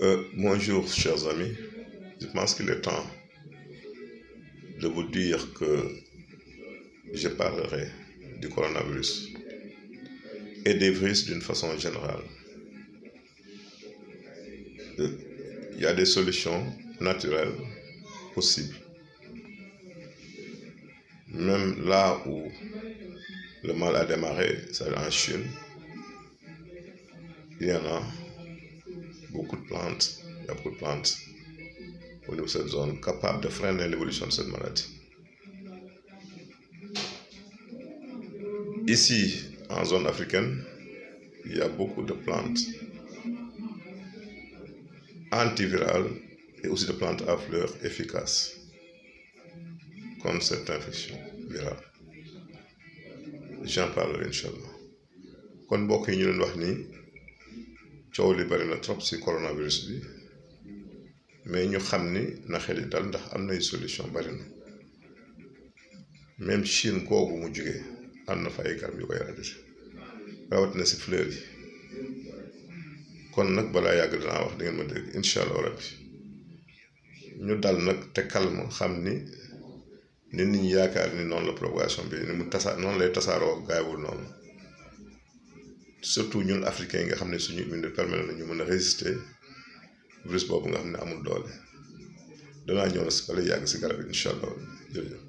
Euh, bonjour, chers amis. Je pense qu'il est temps de vous dire que je parlerai du coronavirus et des virus d'une façon générale. Euh, il y a des solutions naturelles possibles. Même là où le mal a démarré, c'est en Chine, il y en a beaucoup de plantes, il y a beaucoup de plantes au niveau de cette zone capables de freiner l'évolution de cette maladie. Ici, en zone africaine, il y a beaucoup de plantes antivirales et aussi de plantes à fleurs efficaces contre cette infection virale j'en parlerai incha Quand beaucoup de coow li bari na trop si coronavirus bi mais ñu xam ni na xel yi dal ndax am nay solution bari na même Chine googu mu jugee am na fa ay garab yu koy éradiquer rawatina si fleur yi kon nag balaa yàgg danaa wax di ngeen ma dégg incha allah rabbi ñu dal nag te calme xam ni ni nit ñi yaakaar ni noonu la propagation bi ni mu tasa noonu lay tasaaroo gaawul noonu. surtout ñun africains yi nga xam ne suñu immunité permet na ñu mën a résister virus boobu nga xam ne amul doole danaa ñëw na si bala yàgg si garab yi incha allah jërëjëf